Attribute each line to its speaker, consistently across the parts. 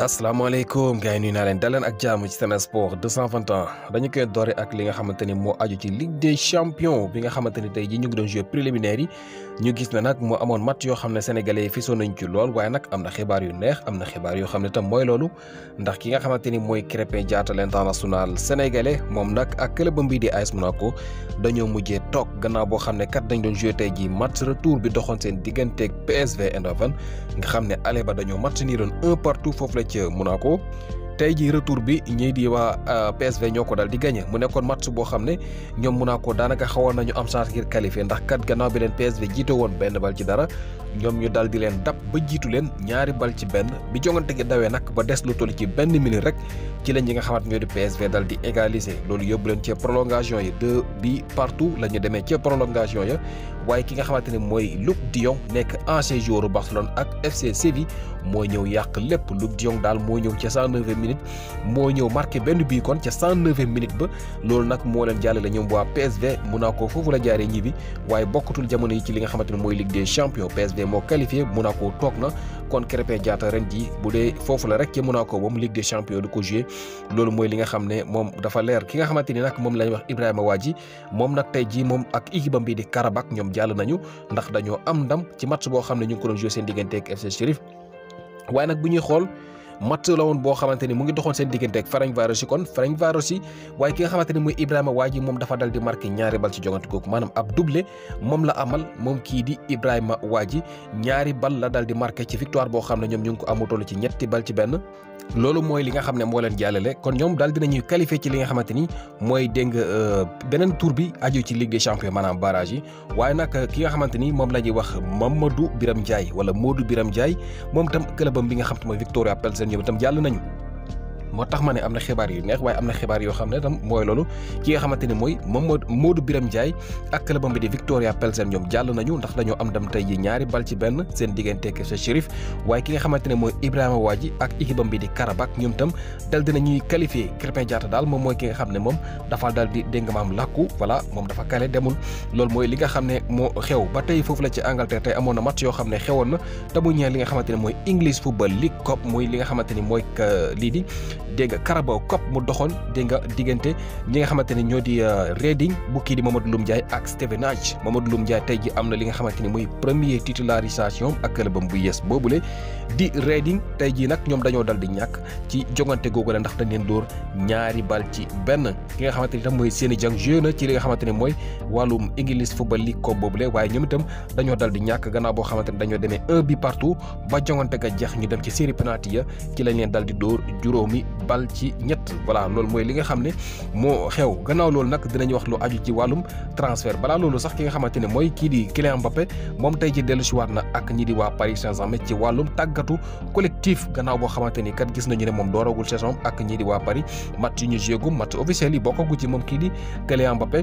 Speaker 1: asalaamaaleykum gars yi nuyu naa leen daleen ak jaamu ci Sen Sport 221 dañu koy doore ak li nga xamante ni moo aju ci Ligue des champions bi nga xamante tey jii ñu ngi doon joué préliminaires yi ñu gis ne nag moo amoon match yoo xam ne sénégalais yi fisoon nañ ci lool waaye nag am na xibaar yu neex am na xibaar yoo xam ne tam mooy loolu ndax ki nga xamante ni mooy Krépin Diatta l'international sénégalais moom nag ak club am bii di AS Monaco dañoo mujjee toog boo xam ne kat dañ doon tey jii match retour bi doxoon seen digganteeg PSV Eindhoven nga xam ne aller ba dañoo match nii doon un ca Monaco tey ji retour bi ñii di euh, PSV ñoo ko daal di gagné mu nekkoon match boo xam ne ñoom Monaco daanaka xawoon nañu am chance ngir qualifié ndax kat gannaaw bi PSV jiite woon benn bal ci dara ñoom ñu daal di leen dab ba jiitu leen ñaari bal ci benn bi jongante gi dawee nag ba lu toll ci minute rek ci nga ñoo di PSV daal di égaliser loolu yóbbu leen ci prolongation yi deux bi partout la ñu demee ci prolongation ya waaye ki nga xamante ne Luc ancien joueur Barcelone ak FC Séville moo ñëw yàq lépp Luc dal Jong daal moo ñëw 109 minute moo ñëw marqué benn bii kon ca e minute ba loolu nag moo leen jàllale ñoom waa PSV Monaco foofu la jaaree ñibbi waaye bokkatul jamono yi ci li nga xamante mooy Ligue des champions PSV moo qualifié Monaco toog na kon Krépin Diatta ren ji bu dee foofu la rek ca Monaco moom Ligue des champions du ko joué loolu mooy li nga xam ne moom dafa leer ki nga xamante ni nag moom lañ wax Ibrahima Wadji moom nag tey jii moom ak équipe am bi di Karabakh ñoom jàll nañu ndax dañoo am ndam ci match boo xam ne ñu ngi ko doon joué seen digganteeg match la woon boo xamante ni mu ngi doxoon seen diggante ak Ferenc Városi kon Ferenc Városi waaye ki nga xamante ni muy Ibrahima waa ji moom ñaari bal la amal moom kii di Ibrahima waa ji ñaari bal la dal di marqué ci victoire boo xam ne ñoom ñu ngi ko amatoll ci ñetti bal ci benn loolu mooy li nga xam ne moo leen jàllale kon ñoom daal dinañuy qualifié ci li nga xamante ni mooy dégg euh, beneen tour bi aju ci Ligue des Champions maanaam barrage yi waaye nag ki nga xamante ni moom la ñuy wax Mamadou Biram Ndiaye wala Modou Biram Ndiaye moom tam clubam bi nga xam te mooy Victoria Pelsen seen tam itam jàll nañu moo tax ma ne am na xibaar yu neex waaye am na xibaar yoo xam ne tam mooy loolu ki nga xamante ni mooy moom Modou Birame Ndiaye ak club bi di Victoria Pelsen ñoom jàll nañu ndax dañoo am dam tey ji ñaari bal ci benn seen diggante ak sa Chérif waaye ki nga xamante ne mooy Ibrahima Wadji ak équipe bi di Karabakh ñoom tam dal dina ñuy qualifié Krépin Diatta daal moom mooy ki nga xam ne moom dafa dal di dégg maam làkku voilà moom dafa kale demul loolu mooy li nga xam ne moo xew ba tey foofu la ci amoon na match yoo xam ne xewoon na te mu ñeel li nga xamante ne mooy English Football League Cup mooy li nga xamante ni mooy euh, lii di dégg nga Carabao Cup mu doxoon dégg diggante ñi nga xamante ne ñoo di euh, Reading bu kii di Mamadou Loum Ndiaye ak Stevenage Mamadou Loum Ndiaye tey ji am na li nga xamante ni muy premier titularisation ak clubam bu yees le di Reading tey jii nag ñoom dañoo dal di ñàkk ci jongante googu la ndax dañ leen dóor ñaari bal ci benn ki nga xamante ni tam mooy seeni jàng joué ci li nga xamante ne mooy wàllum English Football League boobu boobule waaye ñoom itam dañoo dal di ñàkk gannaaw boo xamante ne dañoo demee un partout ba jongante ga ñu dem ci série penalty ci lañ leen dal di dóor juróomi bal ci ñett voilà loolu mooy li nga xam ne moo xew gannaaw loolu nag dinañu wax lu aju ci wàllum transfert balaa loolu sax ki nga xamante ne mooy kii di Kylian Mbappé moom tey ci dellu dellusiwaat na ak ñi di waa Paris saint ci wàllum tàggatu collectif gannaaw boo xamante ni kat gis nañu ne moom dooragul saison ak ñi di waa Paris match yu ñu jéegum match officiel yi bokkagu ci moom kii di Kylian Mbappé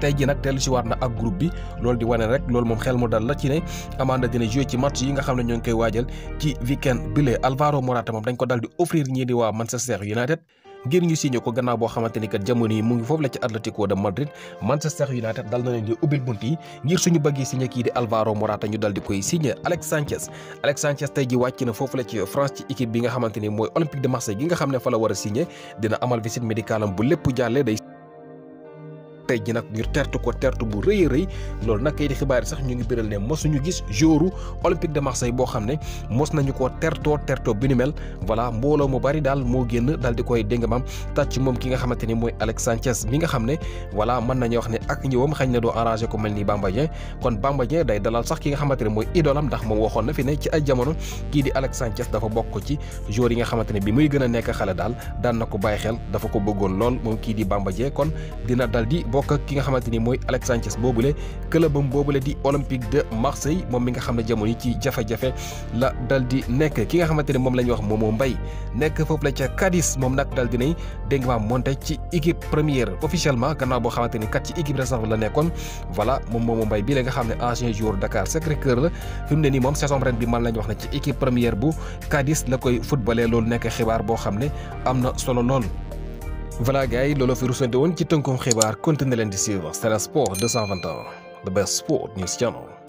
Speaker 1: tey ji nag dellu si na ak groupe bi loolu di wane rek loolu moom xel mu dal la ci ne Amanda dina joué ci match yi nga xam ne ñoo ngi koy waajal ci weekend bile Alvaro Morata moom dañ ko dal di offrir ñii di waa Manchester United ngir ñu signé ko gannaaw boo xamante ni kat jamono yi mu ngi foofu la ci Atlético de Madrid Manchester United dal na leen di ubbil bunt yi ngir suñu bëggee signé kii di Alvaro Morata ñu dal di koy signé Alex Sanchez Alex wàcc na foofu la ci nga xamante ni mooy Olympique a signé dina amal visite médicale am bu lépp tey ji nag ngir tertu ko tertu bu rëy rëy loolu nag kayiti xibaar sax ñu ngi biral ne mosuñu gis jouru olympique de marseille ne mos nañu ko terto terto bi ni mel voilà mu bari dal moo génn dal di koy dégg maam tàcc moom ki nga xamante ni mooy Alex Sanchez mi nga xam ne voilà mën nañu wax ne ak na ko ni Bamba kon bambaye day dalal sax ki nga xamante ne mooy idolam ndax mo waxoon na fi ne ci ay jamono kii di Alex Sanchez dafa bokk ci joueur yi nga xamante bi muy gën na xel dafa ko bëggoon lool di bambaye kon dina dal di bokk ki nga xamante ni mooy Alex Sanchez boobule këlëbam boobule di Olympique de Marseille moom mi nga xam ne jamono yi ci jafe-jafe la dal di nekk ki nga xamante ni moom la ñuy wax Momo Mbaye nekk foofu la ca Cadiz moom nag dal di nay dégg nga monté ci équipe première officiellement gannaaw boo xamante ni kat ci équipe réserve la nekkoon voilà moom Momo Mbaye bii la nga xam ne ancien joueur Dakar Sacré-Cœur la fi ne nii moom saison ren bi mën lañu wax na ci équipe première bu Cadiz la koy footballé loolu nekk xibaar boo xam ne am na solo lool voilà gars yi looloo fi rusante woon ci tënkum xibaar continué leen di suivre Sen Sports 221 the best sport news channel